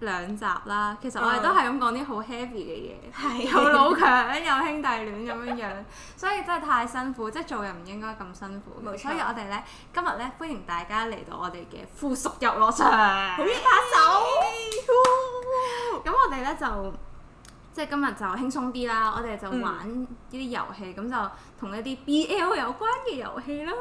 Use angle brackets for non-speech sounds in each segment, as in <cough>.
兩集啦，其實我哋都係咁講啲好 heavy 嘅嘢，又、哦、 <laughs> 老強，又兄弟戀咁樣樣， <laughs> 所以真係太辛苦，即係做人唔應該咁辛苦。冇錯。所以我哋咧今日咧歡迎大家嚟到我哋嘅腐屬遊樂場，好熱拍手。咁我哋咧就即係今日就輕鬆啲啦，我哋就玩呢啲遊戲，咁就同一啲 BL 有關嘅遊戲啦。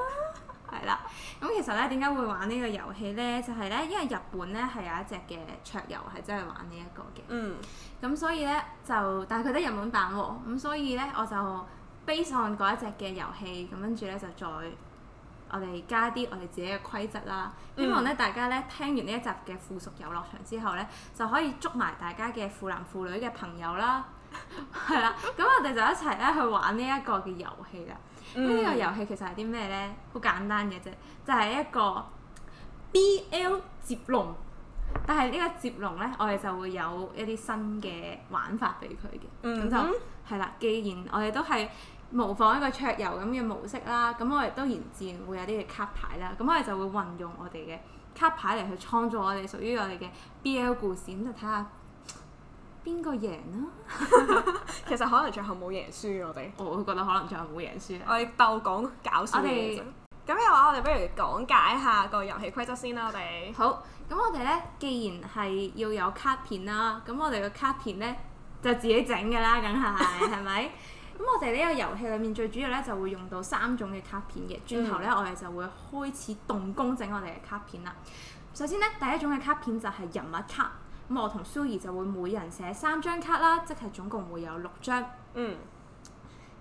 係啦，咁其實咧，點解會玩呢個遊戲咧？就係、是、咧，因為日本咧係有一隻嘅桌遊係真係玩呢一個嘅。嗯，咁、嗯、所以咧就，但係佢得日本版喎、哦。咁、嗯、所以咧，我就 base on 嗰一隻嘅遊戲，咁跟住咧就再我哋加啲我哋自己嘅規則啦。嗯、希望咧大家咧聽完呢一集嘅腐屬遊樂場之後咧，就可以捉埋大家嘅腐男腐女嘅朋友啦。係啦，咁 <laughs> 我哋就一齊咧去玩呢一個嘅遊戲啦。呢、嗯、個遊戲其實係啲咩呢？好簡單嘅啫，就係、是、一個 BL 接龍。但係呢個接龍呢，我哋就會有一啲新嘅玩法俾佢嘅。咁、嗯、哼就係啦。既然我哋都係模仿一個桌遊咁嘅模式啦，咁我哋當然自然會有啲嘅卡牌啦。咁我哋就會運用我哋嘅卡牌嚟去創造我哋屬於我哋嘅 BL 故事。咁就睇下。邊個贏啊？ <laughs> <laughs> 其實可能最後冇贏輸， <laughs> 我哋我覺得可能最後冇贏輸。我哋鬥講搞笑嘅咁又啊，我哋不如講解下個遊戲規則先啦，我哋好。咁我哋咧，既然係要有卡片啦，咁我哋嘅卡片咧就自己整嘅啦，梗係，係咪？咁 <laughs> 我哋呢個遊戲裏面最主要咧就會用到三種嘅卡片嘅。轉頭咧，我哋就會開始動工整我哋嘅卡片啦。首先咧，第一種嘅卡片就係人物卡。咁我同 Zoe 就會每人寫三張卡啦，即係總共會有六張。嗯。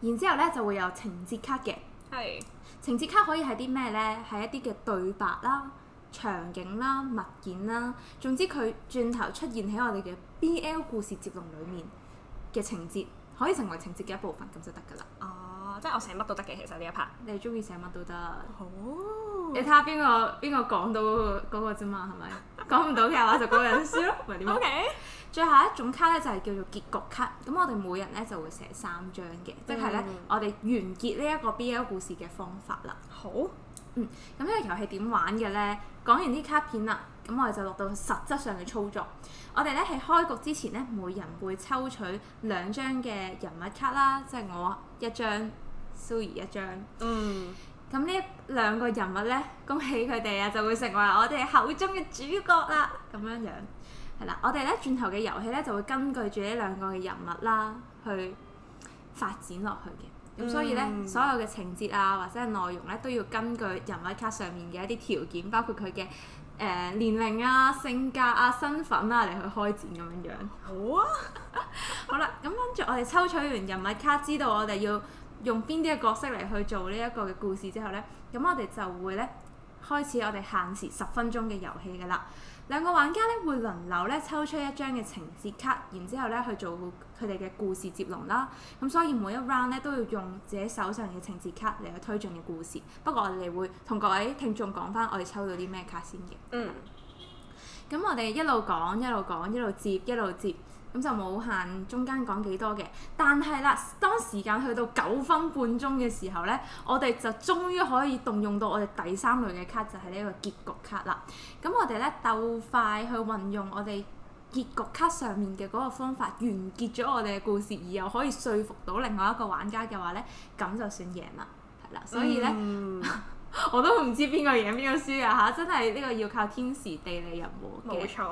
然之後呢，就會有情節卡嘅。係是。情節卡可以係啲咩呢？係一啲嘅對白啦、場景啦、物件啦，總之佢轉頭出現喺我哋嘅 BL 故事接龍裡面嘅情節，可以成為情節嘅一部分咁就得噶啦。哦，即係我寫乜都得嘅，其實呢一 part，你中意寫乜都得。哦。你睇下邊個邊個講到嗰個啫嘛，係咪？ <laughs> 講唔到嘅話 <laughs> 就嗰個人輸咯，咪點咯。OK，最後一種卡咧就係叫做結局卡。咁我哋每人咧就會寫三張嘅，即係咧我哋完結呢一個 B L 故事嘅方法啦。好，嗯，咁呢、嗯、個遊戲點玩嘅咧？講完啲卡片啦，咁我哋就落到實質上嘅操作。我哋咧喺開局之前咧，每人會抽取兩張嘅人物卡啦，即、就、係、是、我一張，Sue 一張。嗯。咁呢兩個人物咧，恭喜佢哋啊，就會成為我哋口中嘅主角啦。咁樣樣係啦，我哋咧轉頭嘅遊戲咧就會根據住呢兩個嘅人物啦，去發展落去嘅。咁、嗯、所以咧，所有嘅情節啊，或者係內容咧，都要根據人物卡上面嘅一啲條件，包括佢嘅誒年齡啊、性格啊、身份啊嚟去開展咁樣樣。好、哦、啊， <laughs> 好啦，咁跟住我哋抽取完人物卡，知道我哋要用邊啲嘅角色嚟去做呢一個嘅故事之後呢？咁我哋就會呢開始我哋限時十分鐘嘅遊戲㗎啦。兩個玩家呢會輪流呢抽出一張嘅情節卡，然之後呢去做佢哋嘅故事接龍啦。咁所以每一 round 呢都要用自己手上嘅情節卡嚟去推進嘅故事。不過我哋會同各位聽眾講翻我哋抽到啲咩卡先嘅。嗯。咁我哋一路講一路講一路接一路接。一路接咁就冇限中間講幾多嘅，但係啦，當時間去到九分半鐘嘅時，時候呢，我哋就終於可以動用到我哋第三類嘅卡，就係、是、呢個結局卡啦。咁我哋呢，鬥快去運用我哋結局卡上面嘅嗰個方法，完結咗我哋嘅故事，而又可以說服到另外一個玩家嘅話呢，咁就算贏啦，係啦。所以呢，嗯、 <laughs> 我都唔知邊個贏邊個輸啊！吓，真係呢個要靠天時地利人和，冇錯、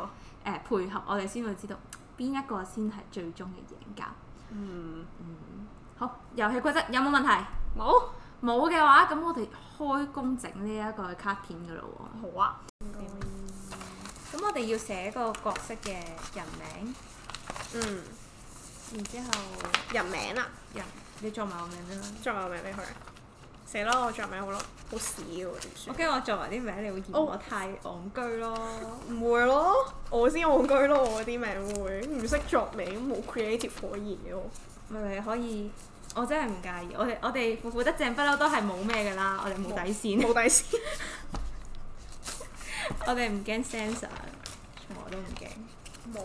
呃、配合我哋先會知道。邊一個先係最終嘅贏家？嗯，嗯，好，遊戲規則有冇問題？冇有，冇嘅話，咁我哋開工整呢一個卡片嘅咯喎。好啊。咁、嗯、我哋要寫個角色嘅人名。嗯。然之後，人名啊？人，你作埋我名啦。作埋我名俾佢。死咯，我作名好咯，好屎喎！我驚、okay，我作埋啲名，你會嫌我太憨居咯，唔、oh. 會咯，我先憨居咯，我啲名會唔識作名，冇 creative 可言嘅咪咪可以，我真係唔介意。我哋我哋腐腐得正不嬲都係冇咩嘅啦，我哋冇底線，冇底線。 <laughs> <laughs> 我哋唔驚 censor 從來都唔驚。冇。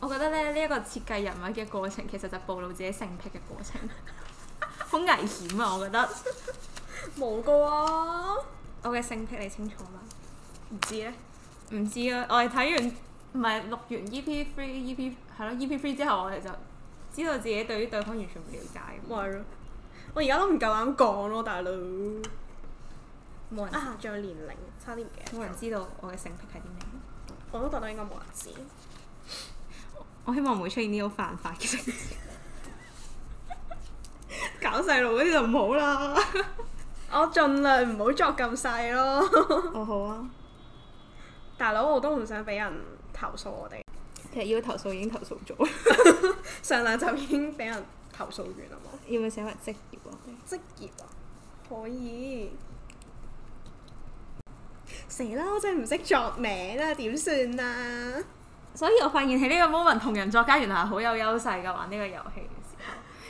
我覺得咧，呢、這、一個設計人物嘅過程，其實就暴露自己性癖嘅過程。好危險啊！ <laughs> 過啊、我覺得冇噶喎，我嘅性癖你清楚嗎？唔知咧，唔知啊！我哋睇完唔係錄完 EP three EP 係咯 EP three 之後，我哋就知道自己對於對方完全唔了解。係咯，我而家都唔夠膽講咯，大佬。冇人啊！仲有年齡差啲嘅，冇人知道我嘅性癖係點樣。我都覺得應該冇人知。 <laughs> 我希望唔會出現呢種犯法嘅性事。 <laughs> 搞細路嗰啲就唔好啦，我盡量唔好作咁細咯。哦，好啊，大佬，我都唔想俾人投訴我哋，其實要投訴已經投訴咗， <laughs> <laughs> 上兩集已經俾人投訴完啦嘛。 <laughs> 要唔要寫埋職業啊？職業啊，可以。死啦！我真係唔識作名啦，點算啊？所以我發現喺呢個 moment 同人作家原來係好有優勢噶，玩呢個遊戲。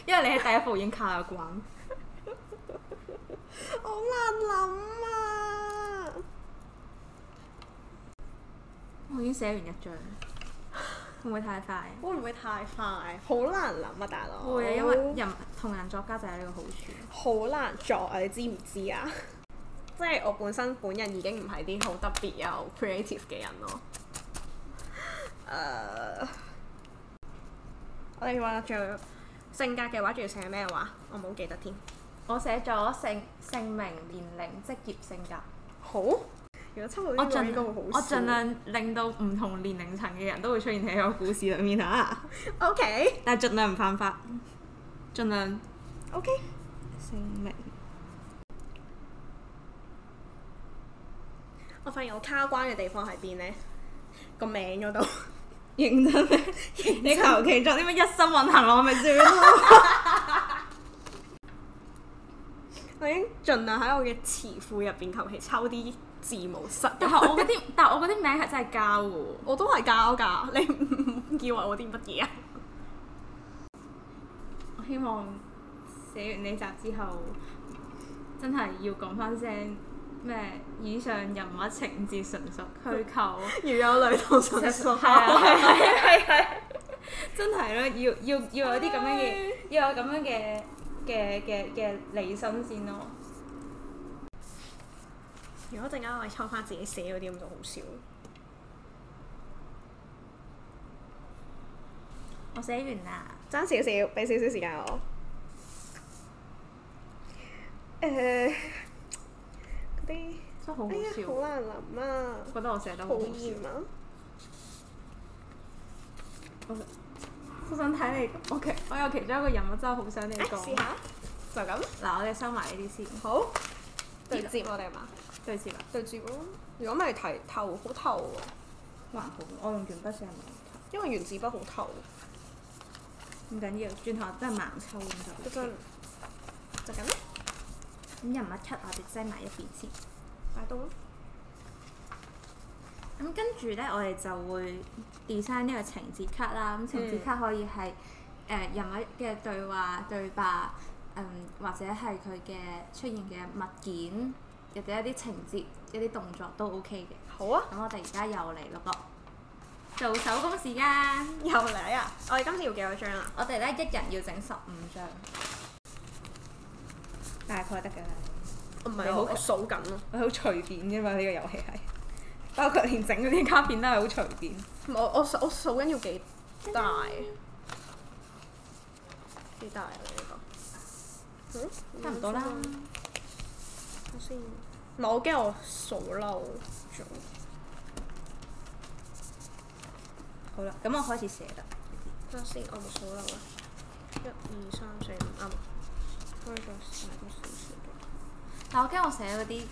因為你係第一部已經卡關，好 <laughs> 難諗啊！我已經寫完一張，會唔會太快？會唔會太快？好難諗啊，大佬！會因為人同人作家就係呢個好處。好難作啊！你知唔知啊？ <laughs> 即係我本身本人已經唔係啲好特別又 creative 嘅人咯。啊、uh！我哋要畫出。性格嘅話，仲要寫咩話？我唔好記得添。我寫咗姓、姓名、年齡、職業、性格。好，如果出到呢個都好笑。我盡量令到唔同年齡層嘅人都會出現喺個故事裏面啊。OK。但係盡量唔犯法，盡量。OK。姓名。我發現我卡關嘅地方喺邊呢？個名嗰度。認真，認真你求其做啲咩，一心運行我咪算咯！ <laughs> <laughs> 我已經盡量喺我嘅詞庫入邊求其抽啲字母塞。但係我嗰啲， <laughs> 但係我嗰啲名係真係膠嘅。 <laughs> 我都係膠㗎，你唔以為我啲乜嘢啊？ <laughs> 我希望寫完呢集之後，真係要講翻聲。咩以上人物情節純屬虛構，去求 <laughs> 如有雷同，純屬係係係真係咯，要要要有啲咁樣嘅要有咁樣嘅嘅嘅嘅理心先咯。 <laughs> 如果陣間我係抽翻自己寫嗰啲咁就好笑。我寫完啦，爭少少，俾少少時間我。誒、uh。啲真係好好笑。哎呀，好難諗啊！覺得我成日都好笑。好啊！我想睇你。O K，我有其中一個人我真係好想你講。試下，就咁。嗱，我哋收埋呢啲先。好。對摺，我哋係嘛？對摺啦。對摺如果唔係題透，好透喎。還好，我用鉛筆成日因為原子筆好透。唔緊要，轉頭真係盲抽就。就咁。咁人物卡我哋擠埋一邊先，擺到咯。咁跟住咧，我哋就會 design 呢個情節卡啦。咁情節卡可以係誒、嗯呃、人物嘅對話對白，嗯、呃，或者係佢嘅出現嘅物件，或者一啲情節、一啲動作都 OK 嘅。好啊。咁我哋而家又嚟咯，做手工時間、啊、又嚟啊！我哋今次要幾多張啊？我哋咧一人要整十五張。大概係得嘅啦，唔係好數緊咯、啊，好隨便㗎嘛，呢個遊戲係，包括連整嗰啲卡片都係好隨便。我我我數緊要幾大？幾、嗯、大啊？呢、這個嗯？嗯，差唔多啦。我先，嗱，我驚我數漏咗。好啦，咁我開始寫啦。先，我冇數漏啦。一、二、三、四、五，啱。點點但係我驚我寫嗰啲，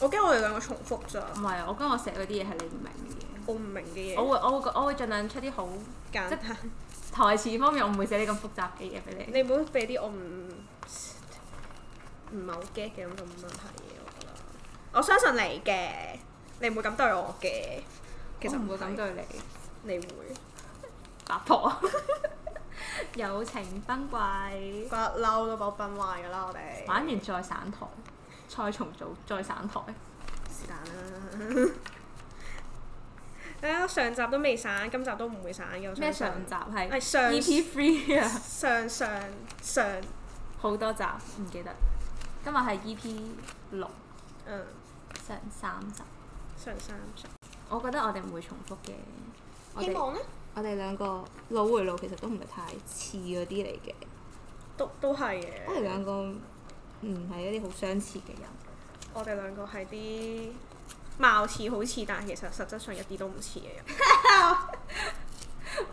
我驚我哋兩個重複咗。唔係啊，我驚我寫嗰啲嘢係你唔明嘅嘢。我唔明嘅嘢。我會我會我會盡量出啲好單即係台詞方面，我唔會寫啲咁複雜嘅嘢俾你。你唔好俾啲我唔唔係好 get 嘅咁嘅問題，我覺得。我相信你嘅，你唔會咁對我嘅。其實唔會咁對你，你會阿 <laughs> 八婆。 <laughs> 友 <laughs> 情崩壞，不嬲都冇崩壞噶啦！我哋玩完再散台，再重組再散台，是但啦。誒，上集都未散，今集都唔會散，有咩上，上集係？係上 E P three 啊，上 EP 3笑上上好多集唔記得。今日係 E P 六，嗯，上三集。上三集，我覺得我哋唔會重複嘅，希望咧。我們 <laughs> 我哋兩個腦回路其實都唔係太似嗰啲嚟嘅，都都係嘅。我哋兩個唔係一啲好相似嘅人，我哋兩個係啲貌似好似，但係其實實質上一啲都唔似嘅人。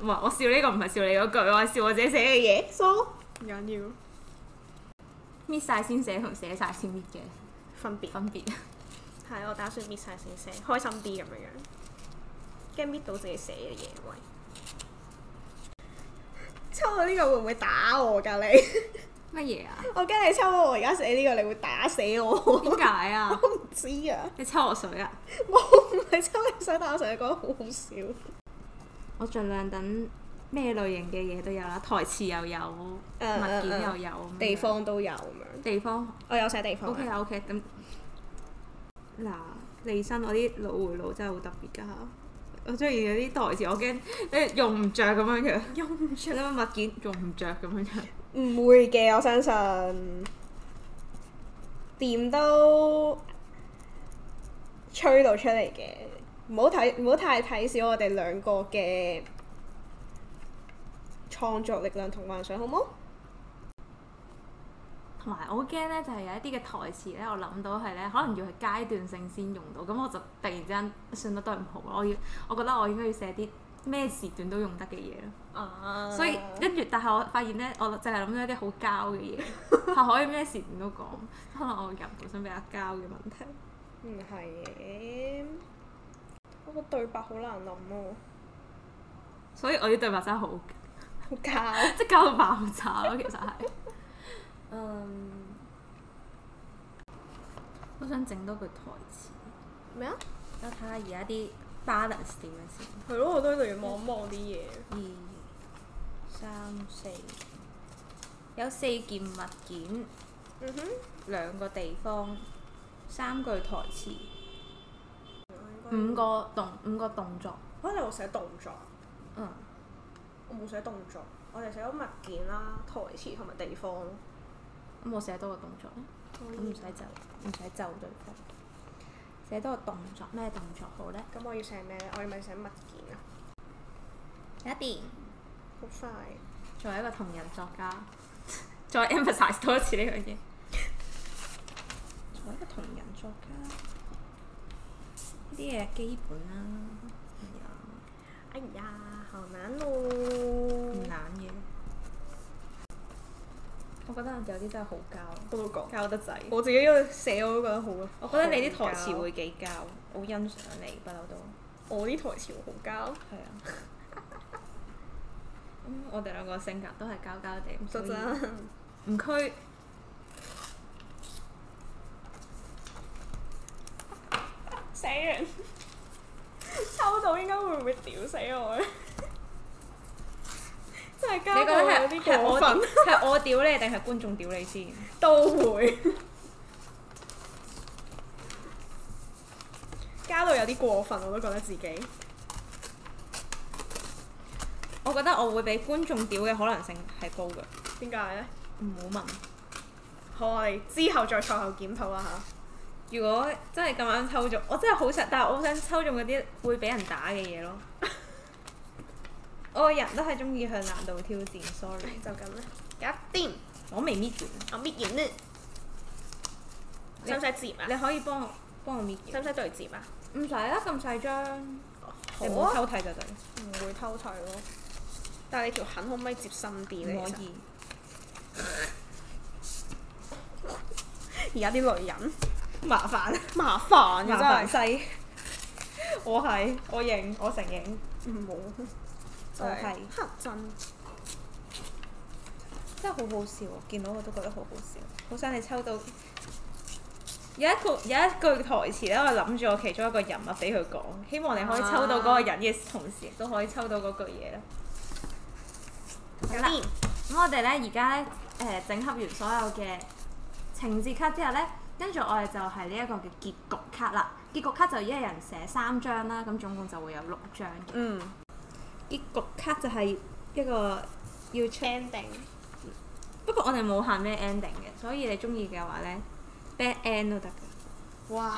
唔係，我笑呢個唔係笑你嗰句，我係笑我自己寫嘅嘢。So 唔緊要，搣晒先寫同寫晒先搣嘅分別分別，係分別 <laughs> 我打算搣晒先寫，開心啲咁樣樣，驚搣到自己寫嘅嘢喂。抽到呢個會唔會打我噶你？乜 <laughs> 嘢啊？我驚你抽到我而家寫呢個，你會打死我。點解啊？ <laughs> 我唔知啊。你抽我水啊？我唔係抽你水，但我成日講得好好笑。我盡量等咩類型嘅嘢都有啦，台詞又有，uh, uh, 物件又有，uh, uh, 樣地方都有咁樣。地方我有寫地方。O K O K 咁。嗱，李生我啲腦回路真係好特別噶。我中意有啲台詞，我驚誒用唔着咁樣嘅。用唔著啦，物件用唔着咁樣嘅。唔 <laughs> 會嘅，我相信，點都吹到出嚟嘅，唔好睇唔好太睇小我哋兩個嘅創作力量同幻想，好冇？同埋我好驚咧，就係有一啲嘅台詞咧，我諗到係咧，可能要係階段性先用到，咁我就突然之間算得都係唔好咯。我要我覺得我應該要寫啲咩時段都用得嘅嘢咯。啊、所以跟住，但係我發現咧，我就係諗咗一啲好膠嘅嘢，係、 <laughs> 啊、可以咩時段都講。可能我人本身比較膠嘅問題。唔係嘅，我個對白好難諗喎、啊。所以我啲對白真係好膠， <laughs> 即係膠到爆炸咯、啊，其實係。 <laughs> 嗯，好、um, 想整多句台詞。咩啊麼？我睇下而家啲 balance 點樣先。係咯，我都喺度要望望啲嘢。二、三四，有四件物件。嗯哼。兩個地方，三句台詞。五個動五個動作。啊！你冇寫動作？嗯。我冇寫動作，我哋寫咗物件啦、台詞同埋地方。咁、嗯、我寫多個動作，咁唔使就唔使就就得。寫多個動作，咩動作好咧？咁我要寫咩？我要咪寫物件啊？看一便，好快。作為一個同人作家， <laughs> 再 emphasize 多一次呢樣嘢。 <laughs> 作為一個同人作家，呢啲嘢基本啦。係啊。哎呀，哎呀，好難咯、哦。難嘢。我覺得有啲真係好膠，我都講膠得滯。我自己喺度寫我都覺得好啊！我覺得你啲台詞會幾膠，好好膠，欣賞你不嬲都。我啲台詞會好膠。係啊， <laughs> <laughs> 我哋兩個性格都係膠膠哋，唔唔屈，實拜託 <laughs> 死人 <laughs> 抽到應該會唔會屌死我啊？ <laughs> 真係加你覺得係有啲過分，係我屌你定係觀眾屌你先？都會加到 <laughs> 有啲過分，我都覺得自己。我覺得我會俾觀眾屌嘅可能性係高嘅。點解呢？唔好問。好啊，你之後再賽後檢討啦。嚇。如果真係咁樣抽中，我真係好想，但係我好想抽中嗰啲會俾人打嘅嘢咯。 <laughs> 我個人、oh, yeah, 都係中意向難度挑戰，sorry 就。就咁啦，搞掂。我未搣完我搣完呢？使唔使接啊？你可以幫我幫我搣。使唔使對接啊？唔使啊，咁細張。你唔好偷睇就得。唔會偷睇咯。但係你條痕可唔可以接深啲可以。而家啲女人 <laughs> 麻煩， <laughs> 麻煩嘅真係。我係，我認，我承認。唔好。我 Okay. 黑鎮震，真係好好笑！見到我都覺得好好笑。好想你抽到有一個有一句台詞咧，我諗住我其中一個人物俾佢講，希望你可以抽到嗰個人嘅同時，都、啊、可以抽到嗰句嘢啦。好啦，咁我哋咧而家咧誒整合完所有嘅情節卡之後咧，跟住我哋就係呢一個嘅結局卡啦。結局卡就一人寫三張啦，咁總共就會有六張嘅。嗯。啲局卡就係一個要 ending，不過我哋冇限咩 ending 嘅，所以你中意嘅話咧，bad end 都得嘅。哇！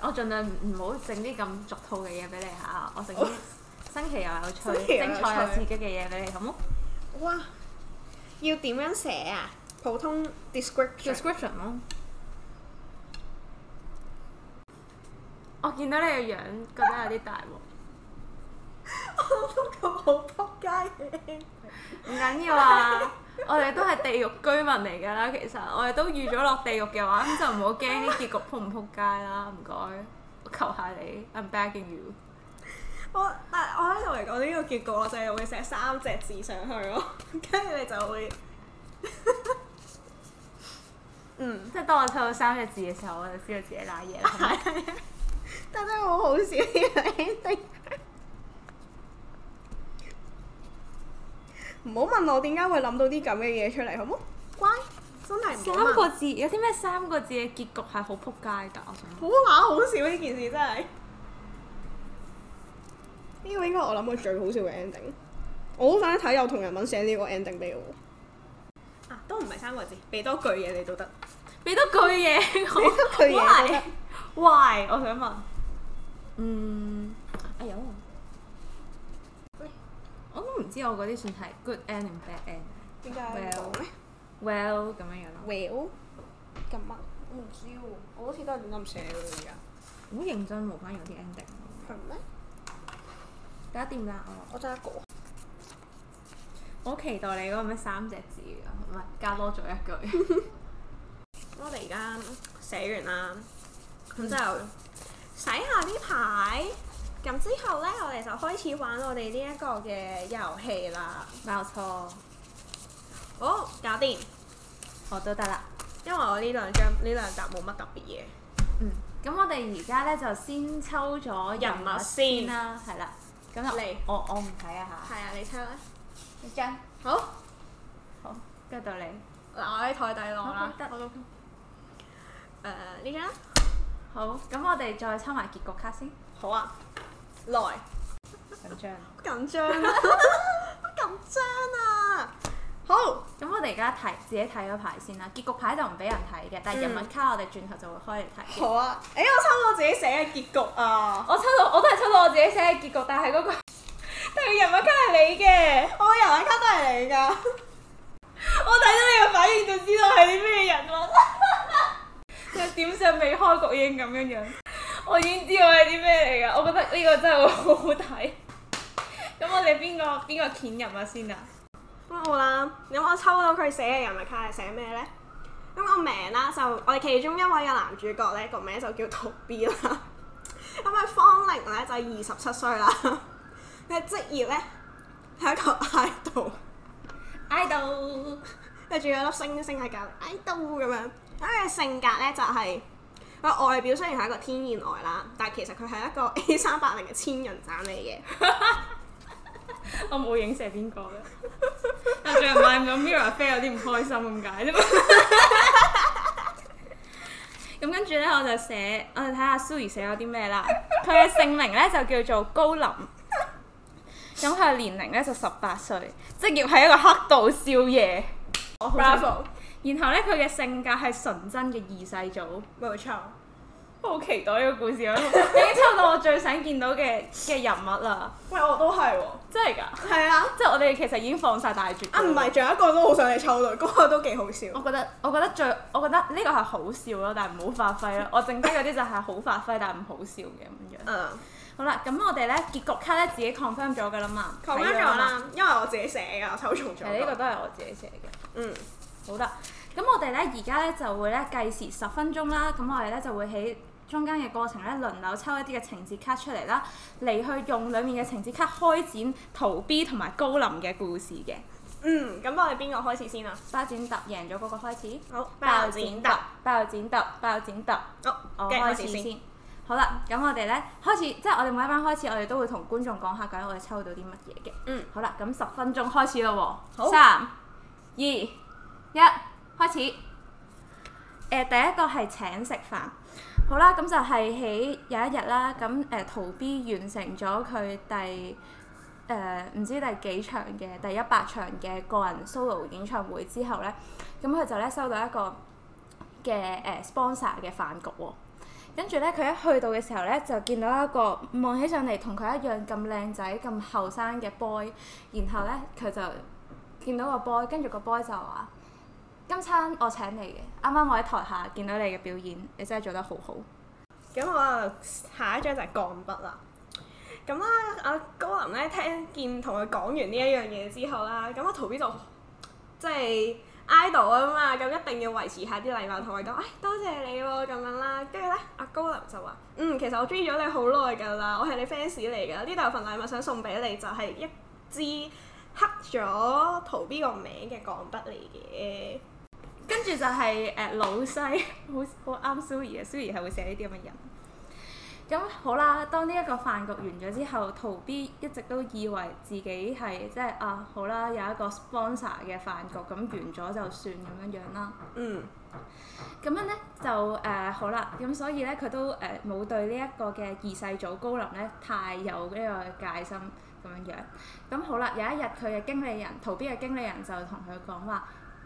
我盡量唔好整啲咁俗套嘅嘢俾你吓，我整啲新奇又有趣、精彩又刺激嘅嘢俾你，好冇？哇！要點樣寫啊？普通 description，description 咯。我見到你個樣，覺得有啲大鑊。 <laughs> 我都好撲街唔緊要啊！我哋都係地獄居民嚟㗎啦，其實我哋都預咗落地獄嘅話，咁就唔好驚啲結局撲唔撲街啦。唔該，求下你，I'm begging you。我，求求 you。我但我喺度嚟講呢個結局，我就係會寫三隻字上去咯，跟住你就會， <laughs> 嗯，即係當我寫到三隻字嘅時候，我就知道自己瀨嘢啦。係咪？真真好好笑嘅 ending，唔好問我點解會諗到啲咁嘅嘢出嚟，好唔好？乖，真係三個字，有啲咩三個字嘅結局係好撲街噶？我想，好乸好笑呢件事真係，呢個應該我諗過最好笑嘅 ending，我好想睇有同人文寫呢個 ending 俾我。啊，都唔係三個字，俾多句嘢你都得，俾多句嘢，俾多句嘢喂，我想問，嗯，哎呦，喂，我都唔知我嗰啲算係 good ending，bad ending，點解咧？Well，咁樣樣啦 Well，咁乜？我唔知喎，我好似都係亂咁寫嘅而家。好認真無關有啲 ending，係咩？搞掂啦，我我得一個。我好期待你嗰個咩三隻字啊？唔係加多咗一句。 <laughs> 我哋而家寫完啦。咁就洗下呢牌，咁之後咧，我哋就開始玩我哋呢一個嘅遊戲啦。冇錯，好搞掂，我都得啦，因為我呢兩張呢兩集冇乜特別嘢。嗯，咁我哋而家咧就先抽咗人物先啦，係啦，咁入嚟，我我唔睇啊嚇，係啊，你抽啦，呢張好，好跟住到你，嗱我喺台底攞啦，得我都，誒呢張。好，咁我哋再抽埋結局卡先。好啊，來，緊張， <laughs> 緊張了， <laughs> 緊張啊！好，咁我哋而家睇自己睇個牌先啦。結局牌就唔俾人睇嘅，嗯、但係人物卡我哋轉頭就會開嚟睇。好啊，誒、欸、我抽到我自己寫嘅結局啊！我抽到我都係抽到我自己寫嘅結局，但係嗰、嗰個但係人物卡係你嘅，我人物卡都係你㗎。 <laughs> 我睇到你個反應就知道係啲咩人啦。 <laughs> 點上未開國英咁樣樣， <laughs> 我已經知道係啲咩嚟噶。我覺得呢個真係好 <laughs> 好睇。咁我哋邊個邊個鉛入啊先啊？好啦，咁我抽到佢寫嘅人物卡係寫咩呢？咁個名啦，就我哋其中一位嘅男主角咧，個名就叫桃 B 啦。咁佢芳齡咧就係二十七歲啦。佢 <laughs> 職業咧係一個 idol，idol，跟住 <laughs> 有粒星星喺度，idol 咁樣。佢嘅性格咧就係、是、佢外表雖然係一個天然呆啦，但其實佢係一個 A 三八零嘅千人斬嚟嘅。 <laughs> 我冇影射邊個嘅，又最近買唔到 Mirror 飛有啲唔開心咁解啫嘛。咁 <laughs> <laughs> <laughs> 跟住咧我就寫，我哋睇下 Suri 寫咗啲咩啦。佢嘅姓名咧就叫做高林，咁佢嘅年齡咧就十八歲，職業係一個黑道少爺。b Bravo . r 然後咧，佢嘅性格係純真嘅二世祖。冇錯，好期待呢個故事啊！已經抽到我最想見到嘅嘅人物啦。喂，我都係喎，真係㗎。係啊，即係我哋其實已經放晒大絕。啊，唔係，仲有一個都好想你抽到，嗰個都幾好笑。我覺得，我覺得最，我覺得呢個係好笑咯，但係唔好發揮咯。我剩低嗰啲就係好發揮，但係唔好笑嘅咁樣。好啦，咁我哋咧結局卡咧自己 confirm 咗㗎啦嘛。confirm 咗啦，因為我自己寫㗎，抽中咗。呢個都係我自己寫嘅。嗯。好啦，咁我哋咧而家咧就會咧計時十分鐘啦。咁我哋咧就會喺中間嘅過程咧輪流抽一啲嘅情節卡出嚟啦，嚟去用裡面嘅情節卡開展桃 B 同埋高林嘅故事嘅。嗯，咁我哋邊個開始先啊？包剪揼贏咗嗰個開始。好，包剪揼，包剪揼，包剪揼。好，我開始先。好啦，咁我哋咧開始，即係我哋每一班開始，我哋都會同觀眾講下，究竟我哋抽到啲乜嘢嘅。嗯，好啦，咁十分鐘開始咯喎。好，三二。一、yeah，開始，誒、呃、第一個係請食飯。好啦，咁就係喺有一日啦，咁誒，桃、呃、B 完成咗佢第誒唔、呃、知第幾場嘅第一百場嘅個人 solo 演唱會之後咧，咁佢就咧收到一個嘅誒 sponsor 嘅飯局喎。跟住咧，佢一去到嘅時候咧，就見到一個望起上嚟同佢一樣咁靚仔、咁後生嘅 boy。然後咧，佢就見到個 boy，跟住個 boy 就話。今餐我請你嘅，啱啱我喺台下見到你嘅表演，你真係做得好好。咁我、啊、下一張就係鋼筆啦。咁、嗯、啦，阿、啊、高林咧聽見同佢講完呢一樣嘢之後啦，咁阿桃 B 就即係 idol 啊嘛，咁、啊、一定要維持下啲禮貌同佢講，唉、哎，多謝你喎、啊、咁樣啦。跟住咧，阿、啊、高林就話：嗯，其實我鍾意咗你好耐㗎啦，我係你 fans 嚟㗎，呢度有份禮物想送俾你，就係、是、一支刻咗桃 B 個名嘅鋼筆嚟嘅。跟住就係、是、誒、呃、老西，好好啱 Suri 啊，Suri 係會寫呢啲咁嘅人。咁好啦，當呢一個飯局完咗之後桃 B 一直都以為自己係即係啊好啦，有一個 sponsor 嘅飯局，咁、嗯、完咗就算咁樣樣啦。嗯、mm.。咁樣咧就誒、呃、好啦，咁所以咧佢都誒冇、呃、對呢一個嘅二世祖高林咧太有呢個戒心咁樣樣。咁好啦，有一日佢嘅經理人桃 B 嘅經理人就同佢講話。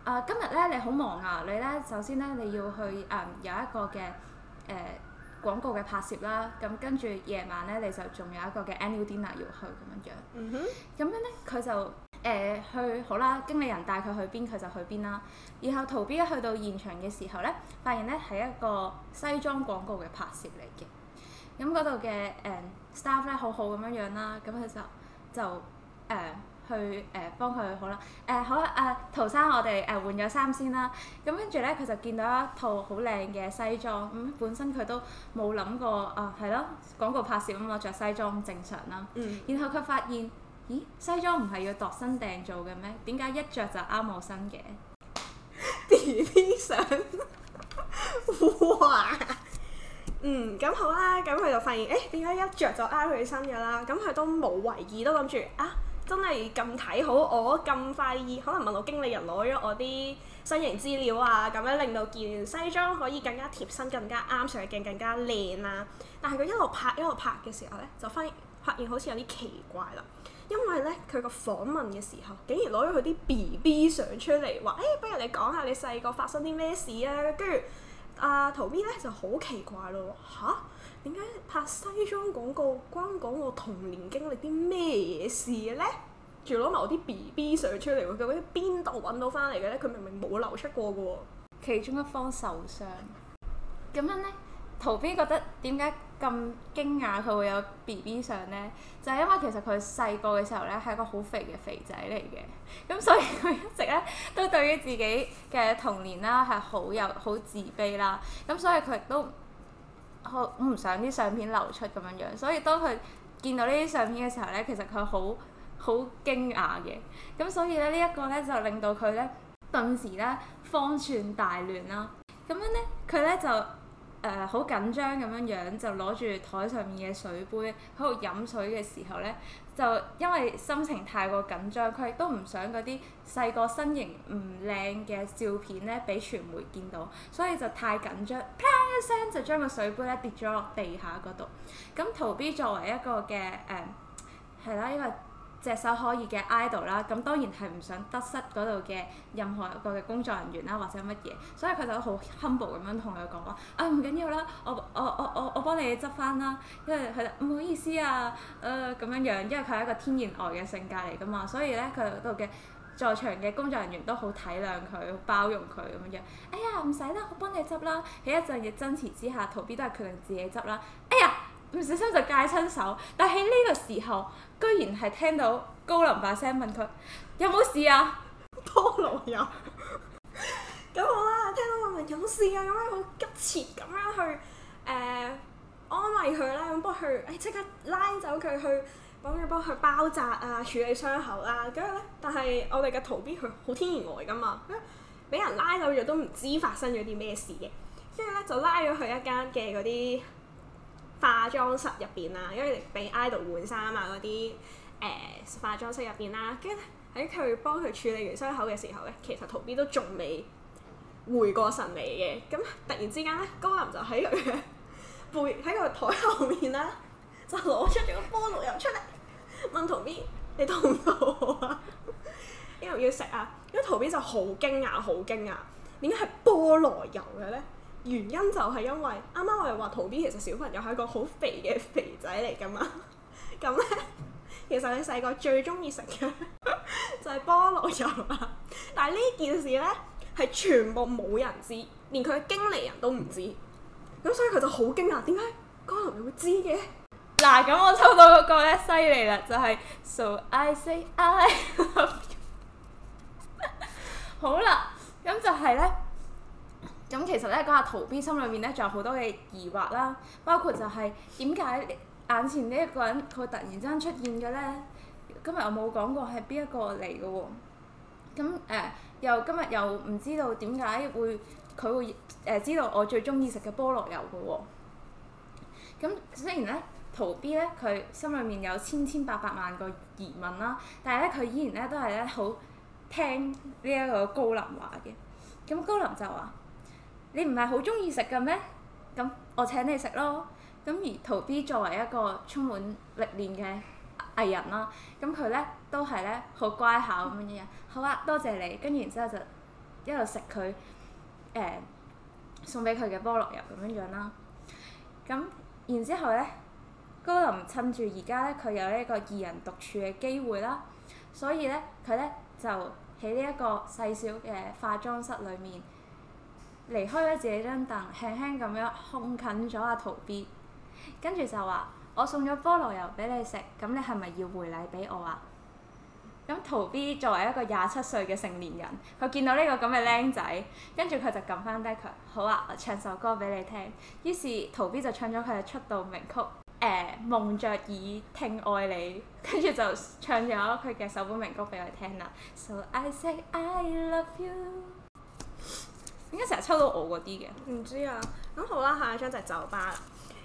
啊，今日咧你好忙啊！你咧首先咧你要去誒、嗯、有一個嘅誒、呃、廣告嘅拍攝啦，咁跟住夜晚咧你就仲有一個嘅 annual dinner 要去咁、嗯嗯、哼樣樣。咁樣咧佢就誒、呃、去好啦，經理人帶佢去邊，佢就去邊啦。然後桃 B 一去到現場嘅時候咧，發現咧係一個西裝廣告嘅拍攝嚟嘅。咁、嗯、嗰度嘅誒、呃、staff 咧好好咁樣樣啦，咁、嗯、佢就就誒。就呃去誒、呃、幫佢好啦，誒、呃、好啦，誒、啊、桃生，我哋誒、呃、換咗衫先啦。咁跟住咧，佢就見到一套好靚嘅西裝。咁、嗯、本身佢都冇諗過啊，係咯，廣告拍攝咁。我、嗯、着西裝正常啦。嗯。然後佢發現，咦，西裝唔係要度身訂造嘅咩？點解一着就啱我身嘅？B B 相， <laughs> <laughs> 哇！嗯，咁好啦，咁佢就發現，誒點解一着就啱佢身嘅啦？咁佢都冇懷疑，都諗住啊。真係咁睇好我咁快意，可能問我經理人攞咗我啲身型資料啊，咁樣令到件西裝可以更加貼身、更加啱、上鏡更加靚啊。但係佢一路拍一路拍嘅時候咧，就發現發現好似有啲奇怪啦。因為咧，佢個訪問嘅時候，竟然攞咗佢啲 BB 相出嚟，話誒、欸，不如你講下你細個發生啲咩事啊？跟住阿桃 B 咧就好奇怪咯，嚇！點解拍西裝廣告關講我童年經歷啲咩嘢事嘅呢？仲攞埋我啲 BB 相出嚟喎！咁究竟邊度揾到翻嚟嘅呢？佢明明冇流出過嘅喎。其中一方受傷，咁樣呢，桃 B 覺得點解咁驚訝？佢會有 BB 相呢？就係因為其實佢細個嘅時候呢，係一個好肥嘅肥仔嚟嘅，咁所以佢一直咧都對於自己嘅童年啦係好有好自卑啦，咁所以佢亦都。我唔想啲相片流出咁樣樣，所以當佢見到呢啲相片嘅時候呢，其實佢好好驚訝嘅。咁所以咧，呢一個呢，這個、就令到佢呢，頓時呢，方寸大亂啦。咁樣呢，佢呢，就誒好緊張咁樣樣，就攞住台上面嘅水杯喺度飲水嘅時候呢，就因為心情太過緊張，佢亦都唔想嗰啲細個身形唔靚嘅照片呢，俾傳媒見到，所以就太緊張。聲就將個水杯咧跌咗落地下嗰度。咁桃 B 作為一個嘅誒，係啦，一個炙手可熱嘅 idol 啦、嗯。咁當然係唔想得失嗰度嘅任何一個嘅工作人員啦，或者乜嘢。所以佢就好 humble 咁樣同佢講話：啊，唔緊要啦，我我我我我幫你執翻啦。因為佢唔好意思啊，誒咁樣樣，因為佢係一個天然呆、呃、嘅性格嚟㗎嘛。所以咧，佢度嘅。在場嘅工作人員都好體諒佢，包容佢咁樣。哎呀，唔使啦，我幫你執啦。喺一陣嘅爭持之下，桃 B 都係決定自己執啦。哎呀，唔小心就戒親手。但喺呢個時候，居然係聽到高林把聲問佢：有冇事啊？拖狼友。咁好啦，聽到我問有事啊，咁樣好急切咁樣去誒、呃、安慰佢啦，咁幫佢，誒即刻拉走佢去。幫佢幫佢包紮啊，處理傷口啦，啊，跟住咧，但係我哋嘅桃 B 佢好天然呆噶嘛，咁俾人拉走咗都唔知發生咗啲咩事嘅，跟住咧就拉咗去一間嘅嗰啲化妝室入邊啊，因為俾 idol 換衫啊嗰啲誒化妝室入邊啦，跟住喺佢幫佢處理完傷口嘅時候咧，其實桃 B 都仲未回過神嚟嘅，咁突然之間咧，高林就喺佢背喺個台後面啦。就攞出咗個菠蘿油出嚟問桃 B：你肚唔肚？啊？ <laughs> 要唔要食啊？咁桃 B 就好驚訝，好驚訝！點解係菠蘿油嘅咧？原因就係因為啱啱我哋話桃 B 其實小朋友係一個好肥嘅肥仔嚟噶嘛。咁 <laughs> 咧，其實佢細個最中意食嘅就係菠蘿油啦。但係呢件事咧係全部冇人知，連佢嘅經理人都唔知。咁所以佢就好驚訝，點解高林會知嘅？嗱，咁、啊、我抽到嗰個咧，犀利啦，就係、是、So I say I love you <laughs> 好啦，咁就係咧，咁其實咧，講下桃 B 心裏面咧，仲有好多嘅疑惑啦，包括就係點解眼前呢一個人佢突然間出現嘅咧？今日又冇講過係邊一個嚟嘅喎？咁誒、呃，又今日又唔知道點解會佢會誒知道我最中意食嘅菠蘿油嘅喎、哦？咁雖然咧。桃 B 咧，佢心裏面有千千百百萬個疑問啦，但係咧，佢依然咧都係咧好聽呢一個高林話嘅。咁高林就話：你唔係好中意食嘅咩？咁我請你食咯。咁而桃 B 作為一個充滿歷練嘅藝人啦，咁佢咧都係咧好乖巧咁 <laughs> 樣樣。好啊，多謝你。跟住然之後就一路食佢誒送俾佢嘅菠蘿油咁樣樣啦。咁然之後咧。高林趁住而家咧，佢有一個二人獨處嘅機會啦，所以咧佢咧就喺呢一個細小嘅化妝室裏面離開咗自己張凳，輕輕咁樣靠近咗阿桃 B，跟住就話：我送咗菠蘿油俾你食，咁你係咪要回禮俾我啊？咁桃 B 作為一個廿七歲嘅成年人，佢見到呢個咁嘅靚仔，跟住佢就撳翻低佢，好啊，我唱首歌俾你聽。於是桃 B 就唱咗佢嘅出道名曲。誒、呃、蒙著耳聽愛你，跟住就唱咗佢嘅首本名曲俾佢聽啦。 <laughs> So I say I love you。點解成日抽到我嗰啲嘅？唔知啊。咁好啦，下一張就係酒吧啦。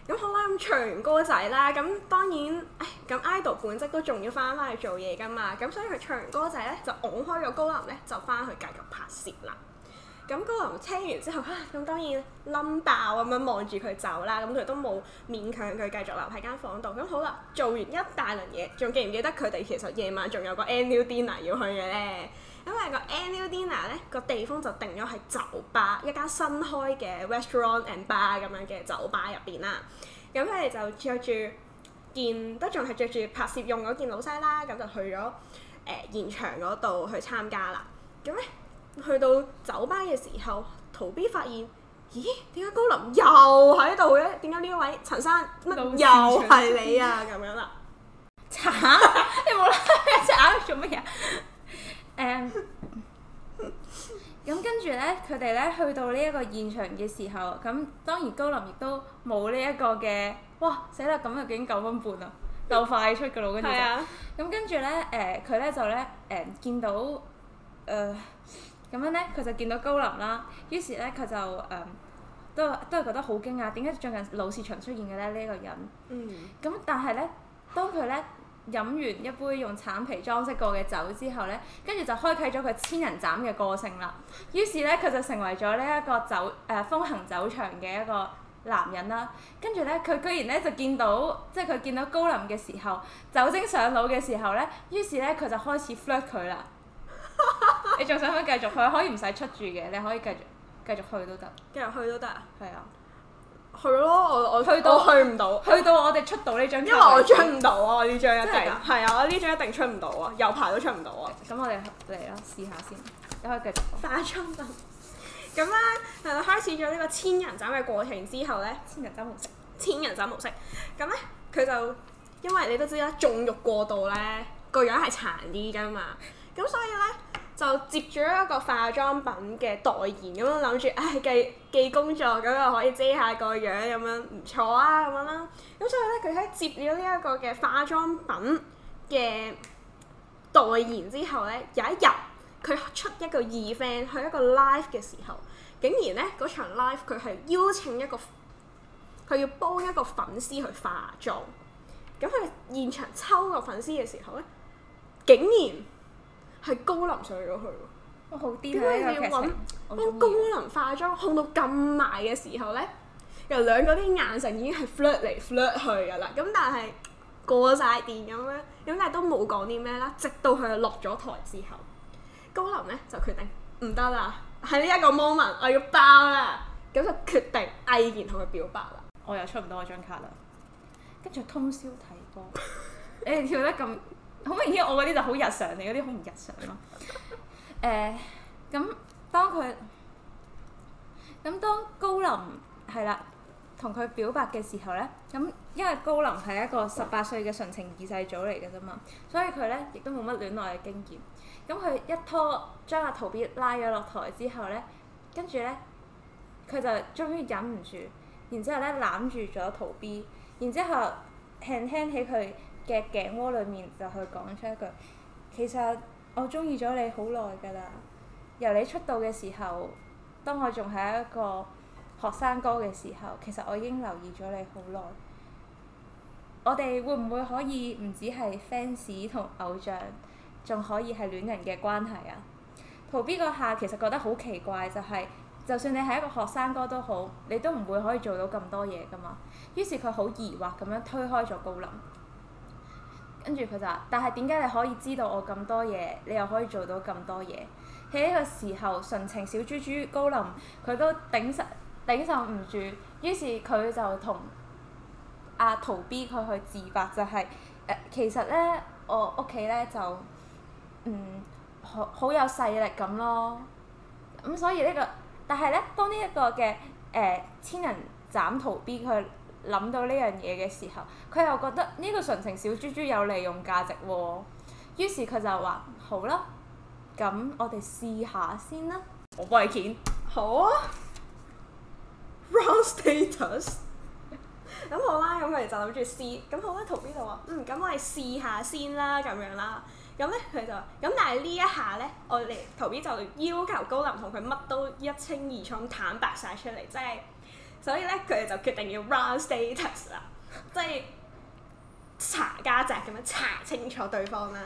咁好啦，咁唱完歌仔啦，咁當然，唉，咁 idol 本質都仲要翻翻去做嘢噶嘛。咁所以佢唱完歌仔咧，就拱開個高林咧，就翻去繼續拍攝啦。咁嗰輪清完之後，啊！咁當然冧爆咁樣望住佢走啦。咁佢都冇勉強佢繼續留喺間房度。咁好啦，做完一大輪嘢，仲記唔記得佢哋其實夜晚仲有個 annual dinner 要去嘅咧？咁啊個 annual dinner 咧個地方就定咗喺酒吧，一間新開嘅 restaurant and bar 咁樣嘅酒吧入邊啦。咁佢哋就着住件都仲係着住拍攝用嗰件老西啦，咁就去咗誒現場嗰度去參加啦。咁咧～去到酒吧嘅時候，桃 B 發現，咦？點解高林又喺度嘅？點解呢一位陳生乜又係你啊？咁樣啦，查你冇啦，查做乜嘢？誒，咁跟住咧，佢哋咧去到呢一個現場嘅時候，咁當然高林亦都冇呢一個嘅，哇！死啦，咁就已經九分半啦，就快出噶啦，跟住就咁跟住咧，誒，佢咧就咧，誒，見到誒。咁樣咧，佢就見到高林啦，於是咧佢就誒、嗯、都都係覺得好驚訝！點解最近老市場出現嘅咧呢一、這個人？嗯，咁、嗯、但係咧，當佢咧飲完一杯用橙皮裝飾過嘅酒之後咧，跟住就開啟咗佢千人斬嘅個性啦。於是咧，佢就成為咗呢一個酒誒、呃、風行酒場嘅一個男人啦。跟住咧，佢居然咧就見到即係佢見到高林嘅時候，酒精上腦嘅時候咧，於是咧佢就開始 flirt 佢啦。 <laughs> 你仲想唔想繼續去？可以唔使出住嘅，你可以繼續繼續去都得，繼續去都得啊？係啊，去咯！我我去，到我去到去唔到，去到我哋出到呢張，因為我出唔到啊！呢張一定係啊！我呢張一定出唔到啊，有排都出唔到啊！咁我哋嚟啦，試下先，你可以繼續化妝燈。咁咧打槍，係 <laughs> 啦、嗯，開始咗呢個千人斬嘅過程之後咧，千人斬模式，千人斬模式。咁咧，佢、嗯嗯、就因為你都知啦，縱慾過度咧， <laughs> 個樣係殘啲噶嘛。咁所以咧，就接咗一個化妝品嘅代言，咁樣諗住，唉、哎，繼繼工作咁又可以遮下個樣，咁樣唔錯啊，咁樣啦。咁所以咧，佢喺接咗呢一個嘅化妝品嘅代言之後咧，有一日佢出一個 event 去一個 live 嘅時候，竟然咧，嗰場 live 佢係邀請一個佢要幫一個粉絲去化妝。咁佢現場抽個粉絲嘅時候咧，竟然～係高林上咗去喎，哇、哦、好掂！咁你要揾幫高林化妝控到咁埋嘅時候咧，由兩個啲眼神已經係 flirt 嚟 flirt 去噶啦，咁但係過晒電咁樣，咁但係都冇講啲咩啦。直到佢落咗台之後，高林咧就決定唔得啦，喺呢一個 moment 我要爆啦，咁就決定毅然同佢表白啦。我又出唔到我張卡啦，跟住通宵睇波， <laughs> 你哋跳得咁～好明顯，我嗰啲就好日常，你嗰啲好唔日常咯、啊。誒、uh，咁當佢咁當高林係啦，同佢表白嘅時候咧，咁因為高林係一個十八歲嘅純情二世祖嚟嘅啫嘛，所以佢咧亦都冇乜戀愛嘅經驗。咁佢一拖將阿桃 B 拉咗落台之後咧，跟住咧，佢就終於忍唔住，然之後咧攬住咗桃 B，然之後輕輕起佢嘅頸窩裡面就去講出一句，其實我中意咗你好耐㗎啦。由你出道嘅時候，當我仲係一個學生哥嘅時候，其實我已經留意咗你好耐。我哋會唔會可以唔只係 fans 同偶像，仲可以係戀人嘅關係啊？桃 B 個下其實覺得好奇怪，就係就算你係一個學生哥都好，你都唔會可以做到咁多嘢㗎嘛。於是佢好疑惑咁樣推開咗高林。跟住佢就話，但係點解你可以知道我咁多嘢，你又可以做到咁多嘢？喺呢個時候，純情小豬豬高林，佢都頂受頂受唔住，於是佢就同阿桃 B 佢去自白，就係、是呃、其實呢，我屋企呢就嗯好好有勢力咁咯。咁、嗯、所以呢、這個，但係呢，當呢一個嘅誒、呃、千人斬桃 B 佢。諗到呢樣嘢嘅時候，佢又覺得呢個純情小豬豬有利用價值喎、啊，於是佢就話：好啦，咁我哋試下先啦。我幫你攪。好啊。Round status。咁好啦，咁佢哋就諗住試，咁好啦，桃 B 就話：嗯，咁我哋試下先啦，咁樣啦。咁咧佢就，咁但係呢一下咧，我哋桃 <laughs> B 就要求高林同佢乜都一清二楚，坦白晒出嚟，即係。所以咧，佢哋就決定要 run status 啦，即係查家宅咁樣查清楚對方啦。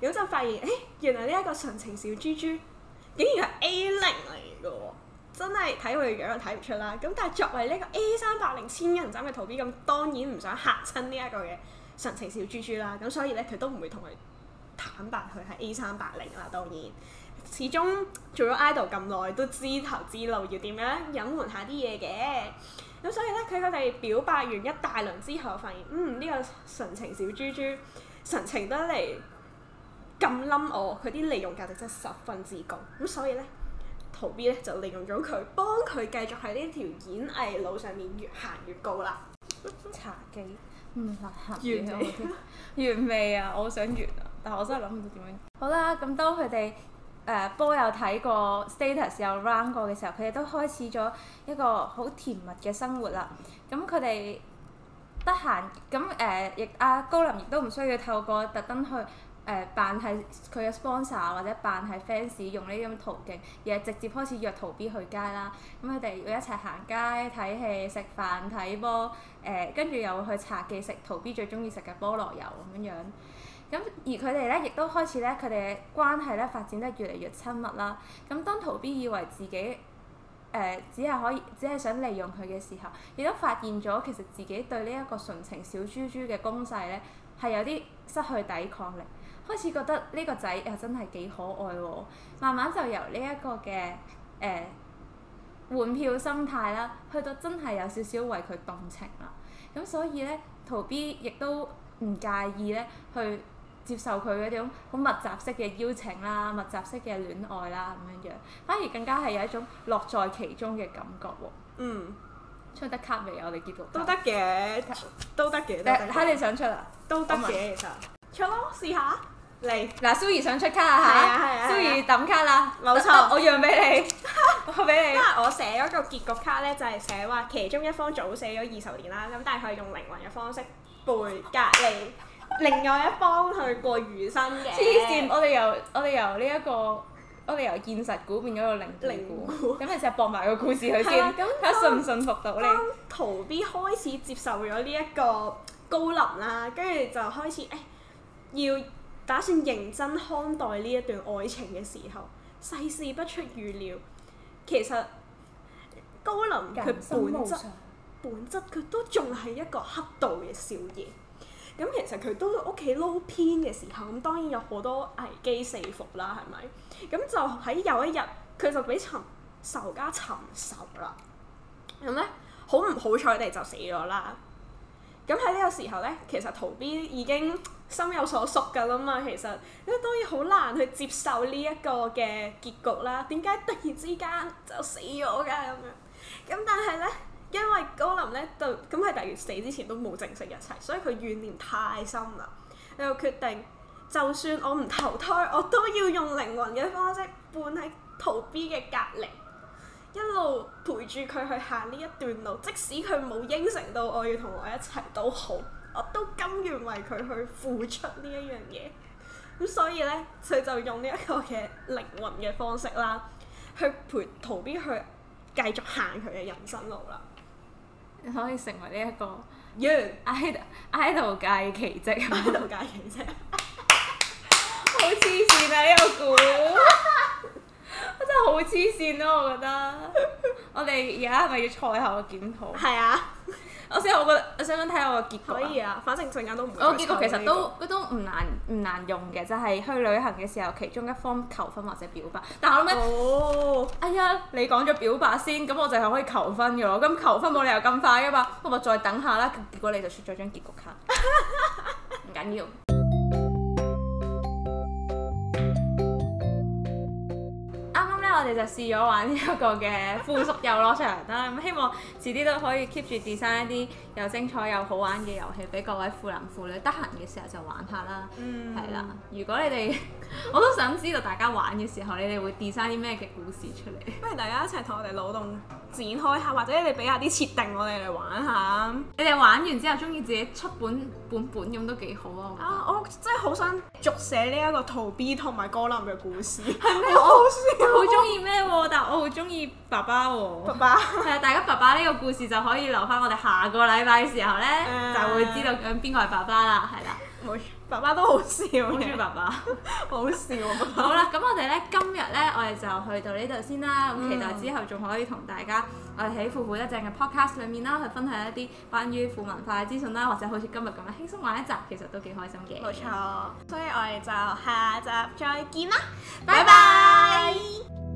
咁就發現，欸、原來呢一個純情小豬豬，竟然係 A 零嚟嘅，真係睇佢樣睇唔出啦。咁但係作為呢個 A 三八零千人斬嘅桃 B，咁當然唔想嚇親呢一個嘅純情小豬豬啦。咁所以咧，佢都唔會同佢坦白佢係 A 三八零啦，當然。始終做咗 idol 咁耐，都知頭知路要，要點樣隱瞞下啲嘢嘅。咁所以咧，佢佢哋表白完一大輪之後，發現嗯呢、這個純情小豬豬純情得嚟咁冧我，佢啲利用價值真係十分之高。咁所以咧，桃 B 咧就利用咗佢，幫佢繼續喺呢條演藝路上面越行越高啦。茶幾，唔落盒完原味、okay. <laughs> 啊！我想完。啊，但係我真係諗唔到點樣。 <laughs> 好啦，咁當佢哋。誒、呃、波又睇過，status 又 run 過嘅時候，佢哋都開始咗一個好甜蜜嘅生活啦。咁佢哋得閒，咁誒亦阿高林亦都唔需要透過特登去誒扮係佢嘅 sponsor 或者扮係 fans 用呢啲咁嘅途徑，而係直接開始約桃 B 去街啦。咁佢哋會一齊行街、睇戲、食飯、睇波，誒跟住又會去茶記食桃 B 最中意食嘅菠蘿油咁樣。咁而佢哋咧，亦都開始咧，佢哋嘅關係咧發展得越嚟越親密啦。咁當圖 B 以為自己誒、呃、只係可以，只係想利用佢嘅時候，亦都發現咗其實自己對呢一個純情小豬豬嘅攻勢咧係有啲失去抵抗力，開始覺得呢個仔又真係幾可愛喎。慢慢就由呢一個嘅誒換票心態啦，去到真係有少少為佢動情啦。咁所以咧，圖 B 亦都唔介意咧去。接受佢嗰種好密集式嘅邀請啦，密集式嘅戀愛啦，咁樣樣反而更加係有一種樂在其中嘅感覺喎。嗯，出得卡未？我哋結局都得嘅，都得嘅。誒，睇你想出啊，都得嘅其實。出咯，試下。嚟。嗱，Sue 想出卡啊嚇？係啊係啊。Sue 等卡啦。冇錯，我讓俾你。我俾你。我寫咗個結局卡咧，就係寫話其中一方早死咗二十年啦，咁但係佢用靈魂嘅方式背隔離。 <laughs> 另外一方，去過餘生嘅黐線，我哋由我哋由呢、這、一個我哋由現實股變咗到靈股，咁你試下博埋個故事去先，睇下信唔信服到咧。當桃 B 開始接受咗呢一個高林啦，跟住就開始誒要打算認真看待呢一段愛情嘅時候，世事不出預料，其實高林嘅本質本質佢都仲係一個黑道嘅少爺。咁其實佢都屋企撈編嘅時候，咁當然有好多危機四伏啦，係咪？咁就喺有一日，佢就俾尋仇家尋仇啦。咁咧，好唔好彩地就死咗啦。咁喺呢個時候咧，其實逃 B 已經心有所屬㗎啦嘛。其實咁當然好難去接受呢一個嘅結局啦。點解突然之間就死咗㗎咁樣？咁但係咧，因為高林咧，就咁喺突然死之前都冇正式一齊，所以佢怨念太深啦，就決定就算我唔投胎，我都要用靈魂嘅方式伴喺桃 B 嘅隔籬，一路陪住佢去行呢一段路，即使佢冇應承到我要同我一齊都好，我都甘願為佢去付出呢一樣嘢。咁所以咧，佢就用呢一個嘅靈魂嘅方式啦，去陪桃 B 去繼續行佢嘅人生路啦。你可以成為呢一個，Ido Idol 界奇蹟 Idol 界奇蹟，好黐線啊！呢、這個故，我真係好黐線咯！我覺得，我哋而家係咪要賽後嘅檢討？係啊。我想我覺得你想想睇下我嘅結局？可以啊，反正陣間都唔。我結局其實都、這個、都唔難唔難用嘅，就係、是、去旅行嘅時候，其中一方求婚或者表白。但係我諗緊，哦，oh. 哎呀，你講咗表白先，咁我就係可以求婚嘅咯。咁求婚冇理由咁快嘅嘛，我咪再等下啦。結果你就出咗張結局卡，唔緊要。我哋就試咗玩呢一個嘅腐屬遊樂場啦，咁 <laughs> 希望遲啲都可以 keep 住 design 一啲又精彩又好玩嘅遊戲，俾各位腐男腐女得閒嘅時候就玩下啦。嗯，係啦，如果你哋～我都想知道大家玩嘅時候，你哋會 design 啲咩嘅故事出嚟？不如大家一齊同我哋腦洞展開下，或者你俾下啲設定我哋嚟玩下。你哋玩完之後中意自己出本本本咁都幾好啊！啊，我真係好想續寫呢一個桃 B 同埋高林嘅故事。係咩嗎？哦、我好中意咩喎？啊、 <laughs> 但係我好中意爸爸喎、啊。爸爸係啊， <laughs> 大家爸爸呢個故事就可以留翻我哋下個禮拜時候咧，嗯、就會知道咁邊個係爸爸啦，係啦。冇 <laughs> <laughs> 爸爸都好笑嘅，公爸爸好笑。好啦，咁我哋呢，今日呢，我哋就去到呢度先啦。咁 Okay.、嗯、期待之後仲可以同大家我哋喺腐腐得正嘅 podcast 上面啦，去分享一啲關於腐文化嘅資訊啦，或者好似今日咁樣輕鬆玩一集，其實都幾開心嘅。冇錯，所以我哋就下集再見啦，拜拜。